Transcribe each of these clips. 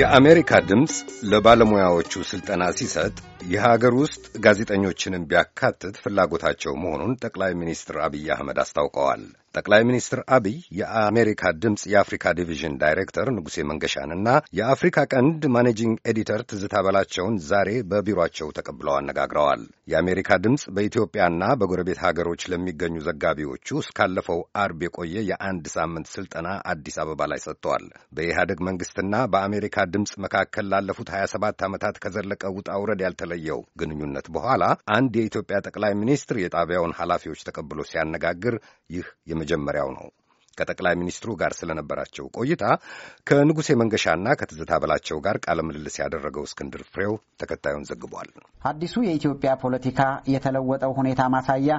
የአሜሪካ ድምፅ ለባለሙያዎቹ ሥልጠና ሲሰጥ የሀገር ውስጥ ጋዜጠኞችንም ቢያካትት ፍላጎታቸው መሆኑን ጠቅላይ ሚኒስትር አብይ አህመድ አስታውቀዋል። ጠቅላይ ሚኒስትር አብይ የአሜሪካ ድምፅ የአፍሪካ ዲቪዥን ዳይሬክተር ንጉሴ መንገሻንና የአፍሪካ ቀንድ ማኔጂንግ ኤዲተር ትዝታ በላቸውን ዛሬ በቢሮቸው ተቀብለው አነጋግረዋል። የአሜሪካ ድምፅ በኢትዮጵያና በጎረቤት ሀገሮች ለሚገኙ ዘጋቢዎቹ እስካለፈው አርብ የቆየ የአንድ ሳምንት ስልጠና አዲስ አበባ ላይ ሰጥቷል። በኢህአደግ መንግስትና በአሜሪካ ድምፅ መካከል ላለፉት 27 ዓመታት ከዘለቀ ውጣ ውረድ ያልተለየው ግንኙነት በኋላ አንድ የኢትዮጵያ ጠቅላይ ሚኒስትር የጣቢያውን ኃላፊዎች ተቀብሎ ሲያነጋግር ይህ የመጀመሪያው ነው። ከጠቅላይ ሚኒስትሩ ጋር ስለነበራቸው ቆይታ ከንጉሴ መንገሻና ከትዝታ በላቸው ጋር ቃለ ምልልስ ያደረገው እስክንድር ፍሬው ተከታዩን ዘግቧል። አዲሱ የኢትዮጵያ ፖለቲካ የተለወጠው ሁኔታ ማሳያ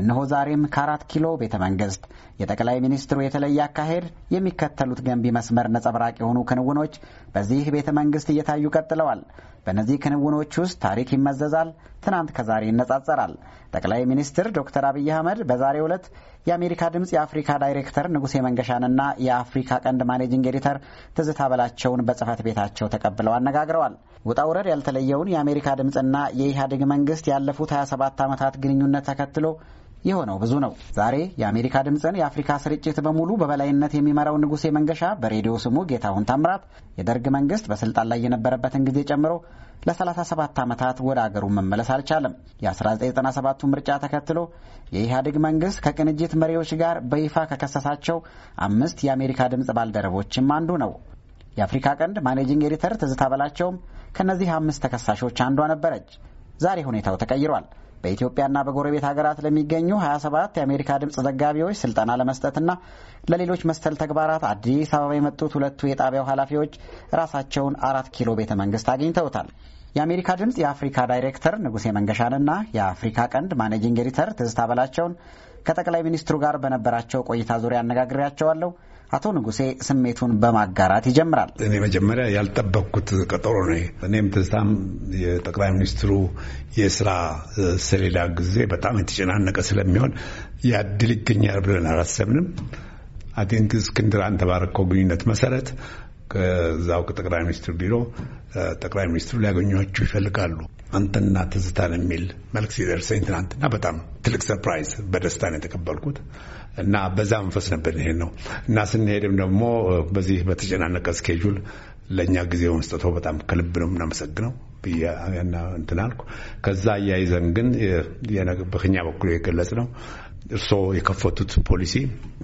እነሆ ዛሬም ከአራት ኪሎ ቤተ መንግስት የጠቅላይ ሚኒስትሩ የተለየ አካሄድ የሚከተሉት ገንቢ መስመር ነጸብራቅ የሆኑ ክንውኖች በዚህ ቤተ መንግስት እየታዩ ቀጥለዋል። በእነዚህ ክንውኖች ውስጥ ታሪክ ይመዘዛል፣ ትናንት ከዛሬ ይነጻጸራል። ጠቅላይ ሚኒስትር ዶክተር አብይ አህመድ በዛሬው ዕለት የአሜሪካ ድምፅ የአፍሪካ ዳይሬክተር ንጉሴ መንገሻንና የአፍሪካ ቀንድ ማኔጂንግ ኤዲተር ትዝታ በላቸውን በጽህፈት ቤታቸው ተቀብለው አነጋግረዋል። ውጣ ውረድ ያልተለየውን የአሜሪካ ድምፅና የኢህአዴግ መንግስት ያለፉት 27 ዓመታት ግንኙነት ተከትሎ የሆነው ብዙ ነው። ዛሬ የአሜሪካ ድምፅን የአፍሪካ ስርጭት በሙሉ በበላይነት የሚመራው ንጉሴ መንገሻ በሬዲዮ ስሙ ጌታሁን ታምራት የደርግ መንግስት በስልጣን ላይ የነበረበትን ጊዜ ጨምሮ ለ37 ዓመታት ወደ አገሩ መመለስ አልቻለም። የ1997ቱ ምርጫ ተከትሎ የኢህአዴግ መንግስት ከቅንጅት መሪዎች ጋር በይፋ ከከሰሳቸው አምስት የአሜሪካ ድምፅ ባልደረቦችም አንዱ ነው። የአፍሪካ ቀንድ ማኔጂንግ ኤዲተር ትዝታ በላቸውም ከእነዚህ አምስት ተከሳሾች አንዷ ነበረች። ዛሬ ሁኔታው ተቀይሯል። በኢትዮጵያና በጎረቤት ሀገራት ለሚገኙ 27 የአሜሪካ ድምፅ ዘጋቢዎች ስልጠና ለመስጠትና ለሌሎች መሰል ተግባራት አዲስ አበባ የመጡት ሁለቱ የጣቢያው ኃላፊዎች ራሳቸውን አራት ኪሎ ቤተ መንግስት አግኝተውታል። የአሜሪካ ድምፅ የአፍሪካ ዳይሬክተር ንጉሴ መንገሻንና የአፍሪካ ቀንድ ማኔጂንግ ኤዲተር ትዝታ በላቸውን ከጠቅላይ ሚኒስትሩ ጋር በነበራቸው ቆይታ ዙሪያ አነጋግሬያቸዋለሁ። አቶ ንጉሴ ስሜቱን በማጋራት ይጀምራል። እኔ መጀመሪያ ያልጠበቅኩት ቀጠሮ ነው። እኔም ትዝታም የጠቅላይ ሚኒስትሩ የስራ ሰሌዳ ጊዜ በጣም የተጨናነቀ ስለሚሆን ያድል ይገኛል ብለን አላሰብንም። አይ ቲንክ እስክንድር አንተ ባረከው ግንኙነት መሰረት ከዛው ከጠቅላይ ሚኒስትር ቢሮ ጠቅላይ ሚኒስትሩ ሊያገኟችሁ ይፈልጋሉ አንተና ትዝታን የሚል መልክ ሲደርሰኝ ትናንትና በጣም ትልቅ ሰርፕራይዝ በደስታ ነው የተቀበልኩት እና በዛ መንፈስ ነበር ይሄን ነው እና ስንሄድም ደግሞ በዚህ በተጨናነቀ ስኬጁል ለእኛ ጊዜው መስጠቶ በጣም ከልብ ነው የምናመሰግነው ብዬ እንትን አልኩ። ከዛ አያይዘን ግን በእኛ በኩል የገለጽ ነው እርስዎ የከፈቱት ፖሊሲ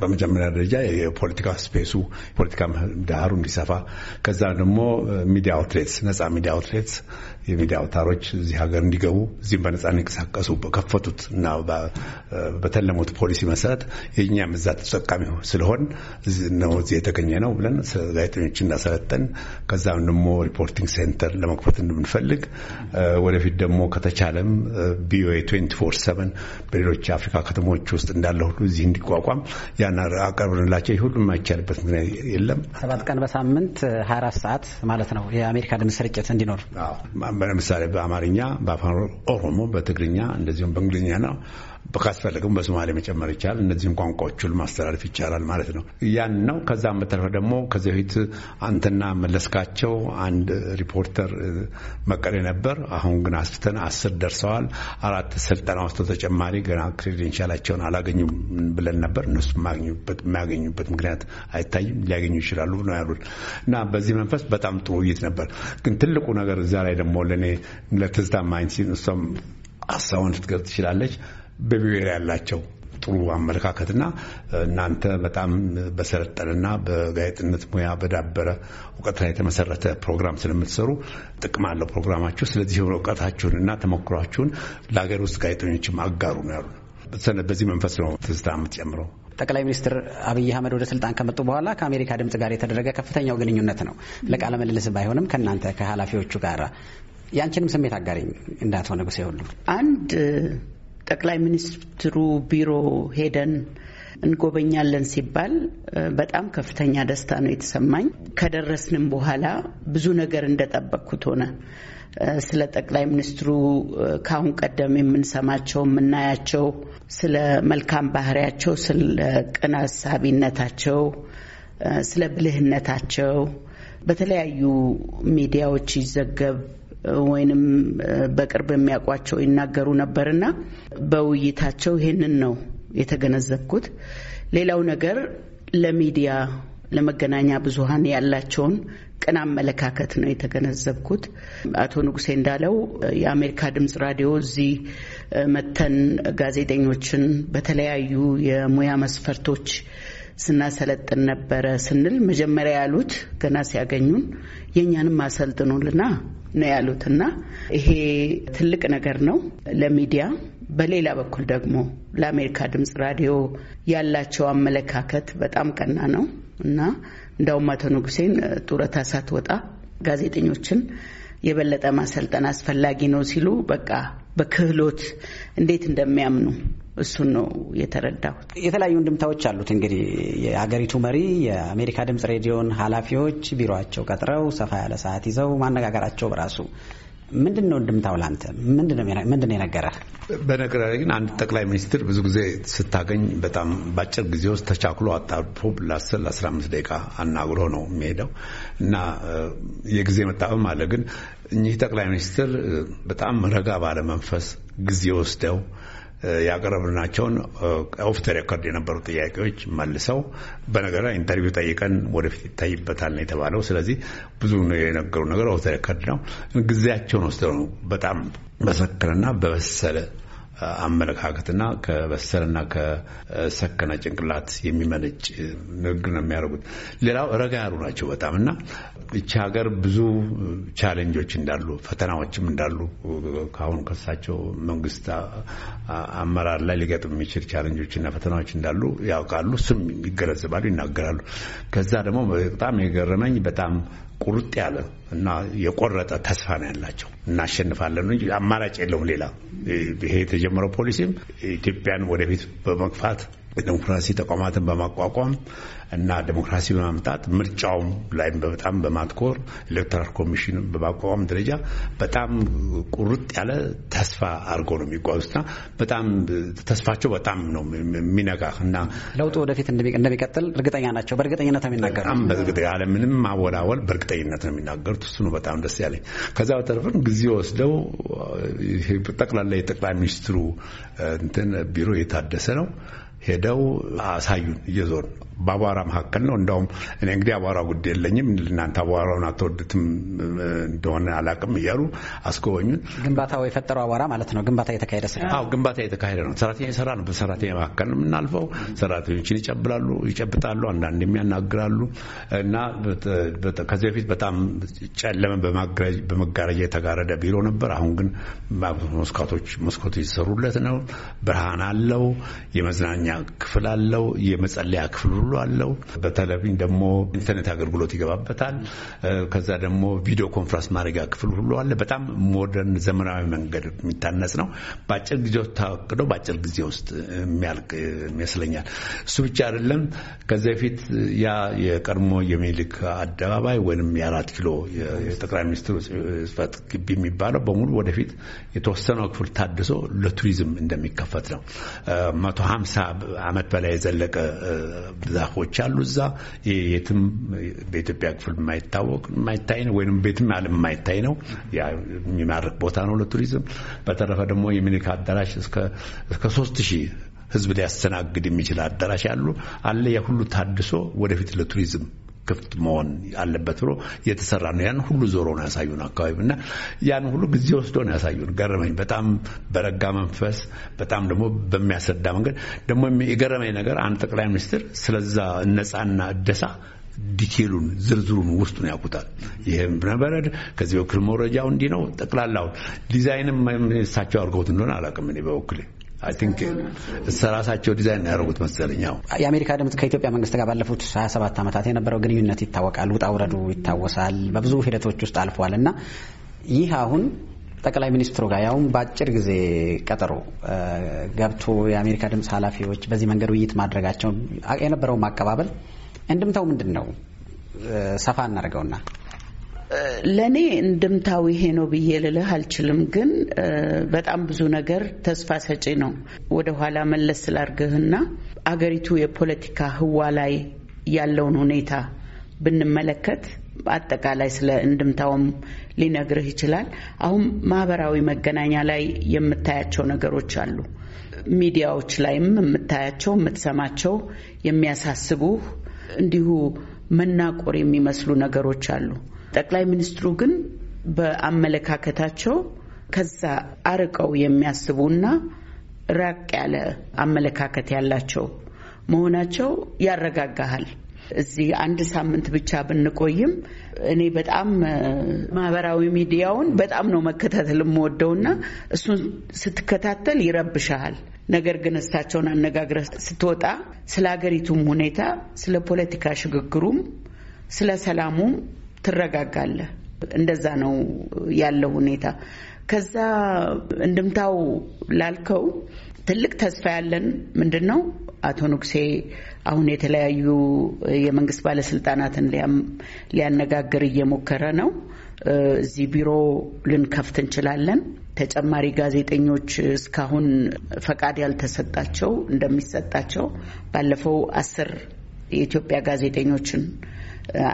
በመጀመሪያ ደረጃ የፖለቲካ ስፔሱ ፖለቲካ ምህዳሩ እንዲሰፋ ከዛ ደግሞ ሚዲያ አውትሌትስ ነጻ ሚዲያ አውትሌትስ የሚዲያ አውታሮች እዚህ ሀገር እንዲገቡ እዚህም በነጻ እንዲንቀሳቀሱ በከፈቱት እና በተለሙት ፖሊሲ መሰረት የእኛም እዛ ተጠቃሚ ስለሆን ነው እዚህ የተገኘ ነው ብለን ጋዜጠኞች እንዳሰለጠን ከዛም ደግሞ ሪፖርቲንግ ሴንተር ለመክፈት እንደምንፈልግ ወደፊት ደግሞ ከተቻለም ቪኦኤ 24 በሌሎች የአፍሪካ ከተሞች ውስጥ እንዳለ ሁሉ እዚህ እንዲቋቋም ያን አቀርብንላቸው። ይህ ሁሉ የማይቻልበት ምክንያት የለም። ሰባት ቀን በሳምንት 24 ሰዓት ማለት ነው የአሜሪካ ድምፅ ስርጭት እንዲኖር ለምሳሌ በአማርኛ፣ በአፋን ኦሮሞ፣ በትግርኛ እንደዚሁም በእንግሊዝኛ ነው ካስፈለገም በሶማሌ መጨመር ይቻላል። እነዚህም ቋንቋዎቹን ማስተላለፍ ይቻላል ማለት ነው። ያን ነው። ከዛ በተረፈ ደግሞ ከዚህ በፊት አንተና መለስካቸው አንድ ሪፖርተር መቀሌ ነበር። አሁን ግን አስፍተን አስር ደርሰዋል። አራት ስልጠና ውስጥ ተጨማሪ ገና ክሬዴንሻላቸውን አላገኙም ብለን ነበር። እነሱ የሚያገኙበት ምክንያት አይታይም። ሊያገኙ ይችላሉ ነው ያሉት እና በዚህ መንፈስ በጣም ጥሩ ውይይት ነበር። ግን ትልቁ ነገር እዛ ላይ ደግሞ ለእኔ ለትዝታ ማይንሲን እሷም ሀሳቡን ልትገልጽ ትችላለች በብሔር ያላቸው ጥሩ አመለካከትና እናንተ በጣም በሰለጠነና በጋዜጥነት ሙያ በዳበረ እውቀት ላይ የተመሰረተ ፕሮግራም ስለምትሰሩ ጥቅም አለው ፕሮግራማችሁ። ስለዚህ የሆነ እውቀታችሁንና ተሞክሯችሁን ለሀገር ውስጥ ጋዜጠኞችም አጋሩ ነው ያሉ። በዚህ መንፈስ ነው ትዝታ የምትጨምረው። ጠቅላይ ሚኒስትር አብይ አህመድ ወደ ስልጣን ከመጡ በኋላ ከአሜሪካ ድምጽ ጋር የተደረገ ከፍተኛው ግንኙነት ነው። ለቃለ ምልልስ ባይሆንም ከእናንተ ከኃላፊዎቹ ጋር ያንቺንም ስሜት አጋሪኝ እንዳትሆነ ጉሴ ሁሉ አንድ ጠቅላይ ሚኒስትሩ ቢሮ ሄደን እንጎበኛለን ሲባል በጣም ከፍተኛ ደስታ ነው የተሰማኝ። ከደረስንም በኋላ ብዙ ነገር እንደጠበቅኩት ሆነ። ስለ ጠቅላይ ሚኒስትሩ ከአሁን ቀደም የምንሰማቸው የምናያቸው፣ ስለ መልካም ባህሪያቸው፣ ስለ ቅን ሀሳቢነታቸው፣ ስለ ብልህነታቸው በተለያዩ ሚዲያዎች ይዘገብ ወይንም በቅርብ የሚያውቋቸው ይናገሩ ነበርና በውይይታቸው ይህንን ነው የተገነዘብኩት። ሌላው ነገር ለሚዲያ ለመገናኛ ብዙኃን ያላቸውን ቅን አመለካከት ነው የተገነዘብኩት። አቶ ንጉሴ እንዳለው የአሜሪካ ድምፅ ራዲዮ እዚህ መተን ጋዜጠኞችን በተለያዩ የሙያ መስፈርቶች ስናሰለጥን ነበረ ስንል መጀመሪያ ያሉት ገና ሲያገኙን የእኛንም አሰልጥኑልና ነው ያሉት እና ይሄ ትልቅ ነገር ነው ለሚዲያ። በሌላ በኩል ደግሞ ለአሜሪካ ድምፅ ራዲዮ ያላቸው አመለካከት በጣም ቀና ነው እና እንዳውም አቶ ንጉሴን ጡረታ ሳትወጣ ጋዜጠኞችን የበለጠ ማሰልጠን አስፈላጊ ነው ሲሉ በቃ በክህሎት እንዴት እንደሚያምኑ እሱን ነው የተረዳሁት። የተለያዩ እንድምታዎች አሉት። እንግዲህ የሀገሪቱ መሪ የአሜሪካ ድምጽ ሬዲዮን ኃላፊዎች ቢሮቸው ቀጥረው ሰፋ ያለ ሰዓት ይዘው ማነጋገራቸው በራሱ ምንድን ነው እንድምታው? ላንተ ምንድን ነው የነገረ? በነገር ግን አንድ ጠቅላይ ሚኒስትር ብዙ ጊዜ ስታገኝ በጣም በአጭር ጊዜ ውስጥ ተቻክሎ አጣርፎ ለአስር ለአስራ ደቂቃ አናግሮ ነው የሚሄደው እና የጊዜ መጣበም አለ። ግን እኚህ ጠቅላይ ሚኒስትር በጣም ረጋ ባለመንፈስ ጊዜ ወስደው ያቀረብናቸውን ኦፍ ዘ ሬኮርድ የነበሩ ጥያቄዎች መልሰው በነገር ላይ ኢንተርቪው ጠይቀን ወደፊት ይታይበታል ነው የተባለው። ስለዚህ ብዙ የነገሩ ነገር ኦፍ ዘ ሬኮርድ ነው። ጊዜያቸውን ወስደው ነው በጣም በሰከነና በበሰለ አመለካከትና ከበሰለና ከሰከነ ጭንቅላት የሚመነጭ ንግግር ነው የሚያደርጉት። ሌላው ረጋ ያሉ ናቸው በጣም እና እቺ ሀገር ብዙ ቻሌንጆች እንዳሉ ፈተናዎችም እንዳሉ ከአሁኑ ከሳቸው መንግስት አመራር ላይ ሊገጥም የሚችል ቻሌንጆችና ፈተናዎች እንዳሉ ያውቃሉ። ስም ይገለጽባሉ፣ ይናገራሉ። ከዛ ደግሞ በጣም የገረመኝ በጣም ቁርጥ ያለ እና የቆረጠ ተስፋ ነው ያላቸው። እናሸንፋለን እንጂ አማራጭ የለውም ሌላ። ይሄ የተጀመረው ፖሊሲም ኢትዮጵያን ወደፊት በመግፋት የዴሞክራሲ ተቋማትን በማቋቋም እና ዲሞክራሲ በማምጣት ምርጫውም ላይ በጣም በማትኮር ኤሌክትራል ኮሚሽን በማቋቋም ደረጃ በጣም ቁርጥ ያለ ተስፋ አድርጎ ነው የሚጓዙትና በጣም ተስፋቸው በጣም ነው የሚነጋ እና ለውጡ ወደፊት እንደሚቀጥል እርግጠኛ ናቸው። በእርግጠኝነት ነው የሚናገሩት። በጣም ያለምንም ማወላወል በእርግጠኝነት ነው የሚናገሩት። እሱ ነው በጣም ደስ ያለኝ። ከዛ በተረፈን ጊዜ ወስደው ጠቅላላ የጠቅላይ ሚኒስትሩ እንትን ቢሮ የታደሰ ነው ሄደው አሳዩን እየዞር ነው በአቧራ መካከል ነው። እንደውም እኔ እንግዲህ አቧራ ጉዳይ የለኝም እናንተ አቧራውን አትወዱትም እንደሆነ አላቅም እያሉ አስጎበኙን። ግንባታው የፈጠረው አቧራ ማለት ነው። ግንባታ የተካሄደ አዎ፣ ግንባታ የተካሄደ ነው። ሰራተኛ የሰራ ነው። በሰራተኛ መካከል ነው የምናልፈው። ሰራተኞችን ይጨብላሉ፣ ይጨብጣሉ፣ አንዳንድ የሚያናግራሉ እና ከዚህ በፊት በጣም ጨለመ፣ በመጋረጃ የተጋረደ ቢሮ ነበር። አሁን ግን መስኮቶች መስኮቶች የተሰሩለት ነው። ብርሃን አለው። የመዝናኛ ክፍል አለው። የመጸለያ ክፍል ሁሉ አለው። በቴሌቪዥን ደግሞ ኢንተርኔት አገልግሎት ይገባበታል። ከዛ ደግሞ ቪዲዮ ኮንፈረንስ ማድረጊያ ክፍል ሁሉ አለ። በጣም ሞደርን ዘመናዊ መንገድ የሚታነጽ ነው። በአጭር ጊዜ ታቅዶ በአጭር ጊዜ ውስጥ የሚያልቅ ይመስለኛል። እሱ ብቻ አይደለም። ከዚ በፊት ያ የቀድሞ የሚኒልክ አደባባይ ወይም የአራት ኪሎ የጠቅላይ ሚኒስትሩ ጽፈት ግቢ የሚባለው በሙሉ ወደፊት የተወሰነው ክፍል ታድሶ ለቱሪዝም እንደሚከፈት ነው። መቶ ሀምሳ ዓመት በላይ የዘለቀ ዛፎች አሉ። እዛ የትም በኢትዮጵያ ክፍል የማይታወቅ የማይታይ ነው፣ ወይም ቤትም ዓለም የማይታይ ነው። የሚማርክ ቦታ ነው ለቱሪዝም። በተረፈ ደግሞ የሚኒክ አዳራሽ እስከ ሶስት ሺህ ህዝብ ሊያስተናግድ የሚችል አዳራሽ አሉ አለ። ያ ሁሉ ታድሶ ወደፊት ለቱሪዝም ክፍት መሆን አለበት ብሎ የተሰራ ነው። ያን ሁሉ ዞሮ ነው ያሳዩን አካባቢ እና ያን ሁሉ ጊዜ ወስዶ ነው ያሳዩን። ገረመኝ በጣም በረጋ መንፈስ፣ በጣም ደግሞ በሚያስረዳ መንገድ ደግሞ የገረመኝ ነገር አንድ ጠቅላይ ሚኒስትር ስለዛ ነፃና እደሳ ዲቴሉን ዝርዝሩን ውስጡን ያውቁታል። ይህም ነበረድ ከዚህ በኩል መረጃው እንዲህ ነው ጠቅላላው ዲዛይንም እሳቸው አድርገውት እንደሆነ አላውቅም እኔ በበኩሌ አይ ቲንክ ራሳቸው ዲዛይን ያደረጉት መሰለኝ። የአሜሪካ ድምፅ ከኢትዮጵያ መንግስት ጋር ባለፉት 27 ዓመታት የነበረው ግንኙነት ይታወቃል። ውጣ ውረዱ ይታወሳል። በብዙ ሂደቶች ውስጥ አልፏል እና ይህ አሁን ጠቅላይ ሚኒስትሩ ጋር ያውም በአጭር ጊዜ ቀጠሮ ገብቶ የአሜሪካ ድምፅ ኃላፊዎች በዚህ መንገድ ውይይት ማድረጋቸው የነበረውም አቀባበል እንድምታው ምንድን ነው? ሰፋ እናደርገውና ለእኔ እንድምታዊ ይሄ ነው ብዬ ልልህ አልችልም፣ ግን በጣም ብዙ ነገር ተስፋ ሰጪ ነው። ወደኋላ መለስ ስላርግህና አገሪቱ የፖለቲካ ህዋ ላይ ያለውን ሁኔታ ብንመለከት አጠቃላይ ስለ እንድምታውም ሊነግርህ ይችላል። አሁን ማህበራዊ መገናኛ ላይ የምታያቸው ነገሮች አሉ። ሚዲያዎች ላይም የምታያቸው የምትሰማቸው የሚያሳስቡህ እንዲሁ መናቆር የሚመስሉ ነገሮች አሉ። ጠቅላይ ሚኒስትሩ ግን በአመለካከታቸው ከዛ አርቀው የሚያስቡና ራቅ ያለ አመለካከት ያላቸው መሆናቸው ያረጋጋሃል። እዚህ አንድ ሳምንት ብቻ ብንቆይም እኔ በጣም ማህበራዊ ሚዲያውን በጣም ነው መከታተል የምወደውና እሱን ስትከታተል ይረብሻሃል። ነገር ግን እሳቸውን አነጋግረህ ስትወጣ ስለ ሀገሪቱም ሁኔታ፣ ስለ ፖለቲካ ሽግግሩም፣ ስለ ሰላሙም ትረጋጋለህ። እንደዛ ነው ያለው ሁኔታ። ከዛ እንድምታው ላልከው ትልቅ ተስፋ ያለን ምንድን ነው አቶ ንጉሴ አሁን የተለያዩ የመንግስት ባለስልጣናትን ሊያነጋግር እየሞከረ ነው። እዚህ ቢሮ ልንከፍት እንችላለን። ተጨማሪ ጋዜጠኞች እስካሁን ፈቃድ ያልተሰጣቸው እንደሚሰጣቸው ባለፈው አስር የኢትዮጵያ ጋዜጠኞችን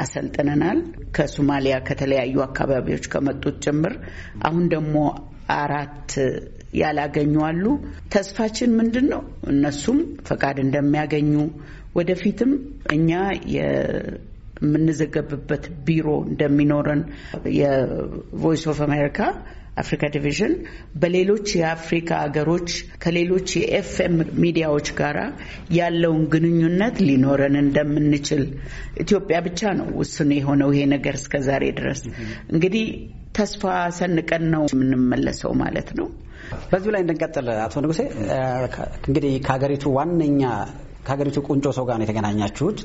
አሰልጥነናል። ከሶማሊያ ከተለያዩ አካባቢዎች ከመጡት ጭምር አሁን ደግሞ አራት ያላገኙ አሉ። ተስፋችን ምንድን ነው? እነሱም ፈቃድ እንደሚያገኙ ወደፊትም እኛ የምንዘገብበት ቢሮ እንደሚኖረን የቮይስ ኦፍ አሜሪካ አፍሪካ ዲቪዥን በሌሎች የአፍሪካ ሀገሮች ከሌሎች የኤፍኤም ሚዲያዎች ጋር ያለውን ግንኙነት ሊኖረን እንደምንችል ኢትዮጵያ ብቻ ነው ውስን የሆነው ይሄ ነገር እስከ ዛሬ ድረስ እንግዲህ ተስፋ ሰንቀን ነው የምንመለሰው ማለት ነው። በዚሁ ላይ እንድንቀጥል አቶ ንጉሴ እንግዲህ ከሀገሪቱ ዋነኛ ከሀገሪቱ ቁንጮ ሰው ጋር ነው የተገናኛችሁት።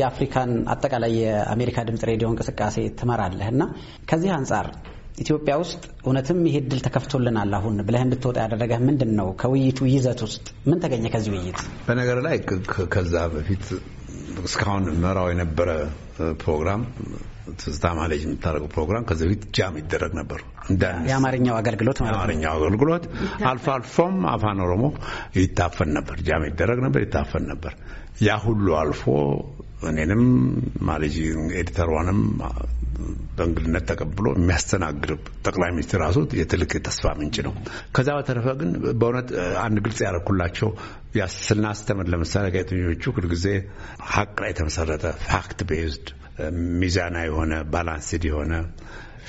የአፍሪካን አጠቃላይ የአሜሪካ ድምጽ ሬዲዮ እንቅስቃሴ ትመራለህ እና ከዚህ አንጻር ኢትዮጵያ ውስጥ እውነትም ይሄ እድል ተከፍቶልናል አሁን ብለህ እንድትወጣ ያደረገ ምንድን ነው? ከውይይቱ ይዘት ውስጥ ምን ተገኘ ከዚህ ውይይት? በነገር ላይ ከዛ በፊት እስካሁን መራው የነበረ ፕሮግራም ትዝታ ማለጅ የምታደርገው ፕሮግራም ከዚህ በፊት ጃም ይደረግ ነበር። የአማርኛው አገልግሎት የአማርኛው አገልግሎት አልፎ አልፎም አፋን ኦሮሞ ይታፈን ነበር፣ ጃም ይደረግ ነበር፣ ይታፈን ነበር። ያ ሁሉ አልፎ እኔንም ማለጅ ኤዲተሯንም በእንግድነት ተቀብሎ የሚያስተናግድ ጠቅላይ ሚኒስትር ራሱ የትልቅ ተስፋ ምንጭ ነው። ከዛ በተረፈ ግን በእውነት አንድ ግልጽ ያደረኩላቸው ስናስተምር ለምሳሌ ጋዜጠኞቹ ሁልጊዜ ሀቅ ላይ የተመሰረተ ፋክት ቤዝድ ሚዛና የሆነ ባላንስድ የሆነ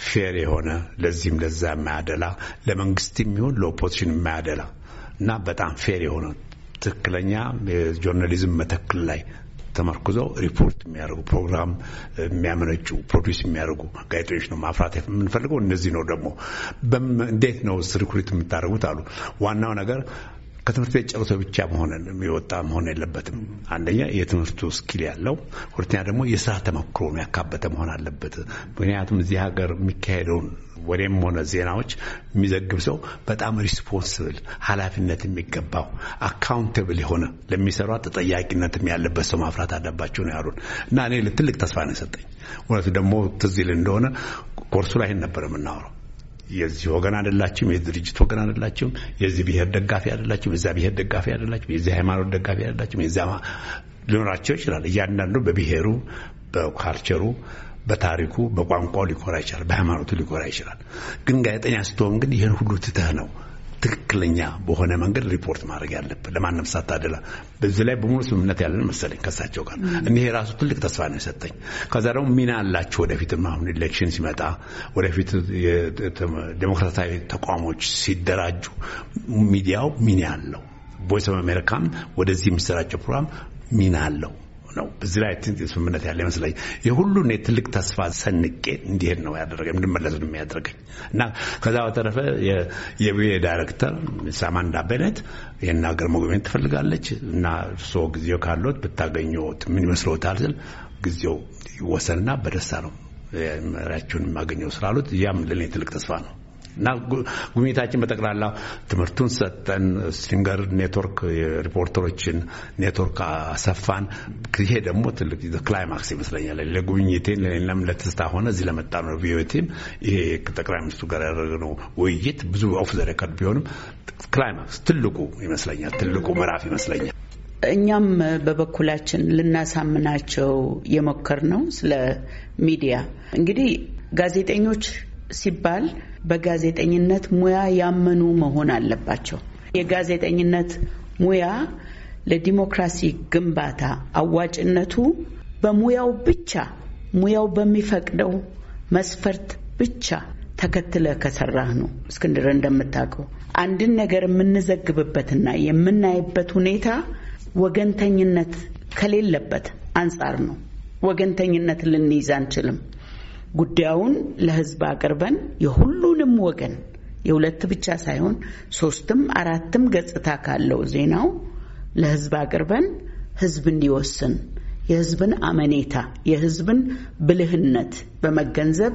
ፌር የሆነ ለዚህም ለዛ የማያደላ ለመንግስት የሚሆን ለኦፖዚሽን የማያደላ እና በጣም ፌር የሆነ ትክክለኛ የጆርናሊዝም መተክል ላይ ተመርኩዘው ሪፖርት የሚያደርጉ ፕሮግራም የሚያመነጩ ፕሮዲስ የሚያደርጉ ጋዜጠኞች ነው ማፍራት የምንፈልገው። እነዚህ ነው ደግሞ እንዴት ነው ሪኩሪት የምታደርጉት አሉ። ዋናው ነገር ከትምህርት ቤት ጨርሶ ብቻ መሆን የወጣ መሆን የለበትም። አንደኛ የትምህርቱ ስኪል ያለው፣ ሁለተኛ ደግሞ የስራ ተመክሮ ያካበተ መሆን አለበት። ምክንያቱም እዚህ ሀገር የሚካሄደውን ወሬም ሆነ ዜናዎች የሚዘግብ ሰው በጣም ሪስፖንስብል ኃላፊነት የሚገባው አካውንተብል የሆነ ለሚሰራ ተጠያቂነትም ያለበት ሰው ማፍራት አለባቸው ነው ያሉን እና እኔ ትልቅ ተስፋ ነው የሰጠኝ። እውነቱ ደግሞ ትዝ ይል እንደሆነ ኮርሱ ላይ ነበረ የምናወራው የዚህ ወገን አይደላችሁም፣ የዚህ ድርጅት ወገን አይደላችሁም፣ የዚህ ብሔር ደጋፊ አይደላችሁም፣ የዛ ብሔር ደጋፊ አይደላችሁም፣ የዚህ ሃይማኖት ደጋፊ አይደላችሁም። የዛ ሊኖራቸው ይችላል። እያንዳንዱ በብሔሩ፣ በካልቸሩ፣ በታሪኩ፣ በቋንቋው ሊኮራ ይችላል፣ በሃይማኖቱ ሊኮራ ይችላል። ግን ጋዜጠኛ ስትሆን ግን ይህን ሁሉ ትተህ ነው ትክክለኛ በሆነ መንገድ ሪፖርት ማድረግ ያለብን ለማንም ሳታደላ በዚህ ላይ በሙሉ ስምምነት ያለን መሰለኝ ከሳቸው ጋር እኒህ የራሱ ትልቅ ተስፋ ነው የሰጠኝ። ከዛ ደግሞ ሚና አላቸው። ወደፊትም አሁን ኢሌክሽን ሲመጣ ወደፊት ዴሞክራሲያዊ ተቋሞች ሲደራጁ ሚዲያው ሚና አለው። ቮይስ ኦፍ አሜሪካም ወደዚህ የሚሰራጨው ፕሮግራም ሚና አለው። ነው። እዚህ ላይ ስምምነት ያለ ይመስለኛል። የሁሉን የትልቅ ተስፋ ሰንቄ እንዲሄድ ነው ያደረገ እንድመለስ ነው የሚያደርገኝ እና ከዛ በተረፈ የቪኤ ዳይሬክተር ሳማንዳ በነት ይህን ሀገር መጎብኘት ትፈልጋለች እና እርስዎ ጊዜው ካለት ብታገኘት ምን ይመስለታል ስል ጊዜው ይወሰንና በደስታ ነው መሪያቸውን የማገኘው ስላሉት ያም ለእኔ ትልቅ ተስፋ ነው። እና ጉብኝታችን በጠቅላላ ትምህርቱን ሰጠን። ስትሪንገር ኔትወርክ ሪፖርተሮችን ኔትወርክ አሰፋን። ይሄ ደግሞ ትልቅ ክላይማክስ ይመስለኛል ለጉብኝቴን ለሌላም ለትስታ ሆነ እዚህ ለመጣ ነው ቪዮቲም ይሄ ጠቅላይ ሚኒስትሩ ጋር ያደረግነው ውይይት ብዙ ኦፍ ዘ ሬከርድ ቢሆንም ክላይማክስ ትልቁ ይመስለኛል ትልቁ ምዕራፍ ይመስለኛል። እኛም በበኩላችን ልናሳምናቸው የሞከር ነው ስለ ሚዲያ እንግዲህ ጋዜጠኞች ሲባል በጋዜጠኝነት ሙያ ያመኑ መሆን አለባቸው። የጋዜጠኝነት ሙያ ለዲሞክራሲ ግንባታ አዋጭነቱ በሙያው ብቻ ሙያው በሚፈቅደው መስፈርት ብቻ ተከትለ ከሰራህ ነው። እስክንድር እንደምታውቀው አንድን ነገር የምንዘግብበትና የምናይበት ሁኔታ ወገንተኝነት ከሌለበት አንጻር ነው። ወገንተኝነት ልንይዝ አንችልም። ጉዳዩን ለህዝብ አቅርበን የሁሉንም ወገን የሁለት ብቻ ሳይሆን ሶስትም አራትም ገጽታ ካለው ዜናው ለህዝብ አቅርበን ህዝብ እንዲወስን የህዝብን አመኔታ የህዝብን ብልህነት በመገንዘብ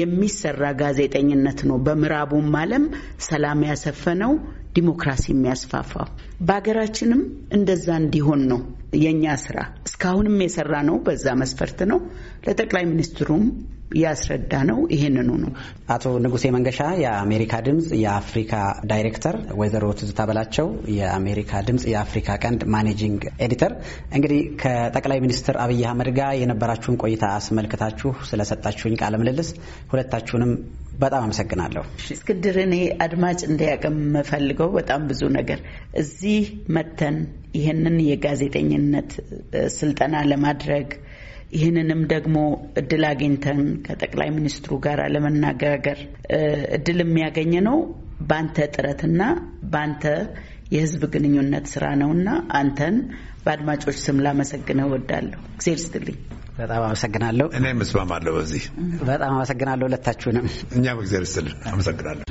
የሚሰራ ጋዜጠኝነት ነው። በምዕራቡም ዓለም ሰላም ያሰፈነው ዲሞክራሲ የሚያስፋፋው በሀገራችንም እንደዛ እንዲሆን ነው የእኛ ስራ። እስካሁንም የሰራ ነው። በዛ መስፈርት ነው ለጠቅላይ ሚኒስትሩም ያስረዳ ነው። ይህንኑ ነው። አቶ ንጉሴ መንገሻ የአሜሪካ ድምፅ የአፍሪካ ዳይሬክተር፣ ወይዘሮ ትዝታ በላቸው የአሜሪካ ድምፅ የአፍሪካ ቀንድ ማኔጂንግ ኤዲተር፣ እንግዲህ ከጠቅላይ ሚኒስትር አብይ አህመድ ጋር የነበራችሁን ቆይታ አስመልክታችሁ ስለሰጣችሁኝ ቃለ ምልልስ ሁለታችሁንም በጣም አመሰግናለሁ እስክንድር። እኔ አድማጭ እንዲያቅም የምፈልገው በጣም ብዙ ነገር እዚህ መተን ይህንን የጋዜጠኝነት ስልጠና ለማድረግ ይህንንም ደግሞ እድል አግኝተን ከጠቅላይ ሚኒስትሩ ጋር ለመነጋገር እድል የሚያገኝ ነው በአንተ ጥረትና በአንተ የህዝብ ግንኙነት ስራ ነውና አንተን በአድማጮች ስም ላመሰግነ እወዳለሁ። እግዜር ይስጥልኝ። በጣም አመሰግናለሁ። እኔ ምስማማለሁ በዚህ በጣም አመሰግናለሁ ሁለታችሁንም። እኛም እግዚአብሔር ይስጥልን አመሰግናለሁ።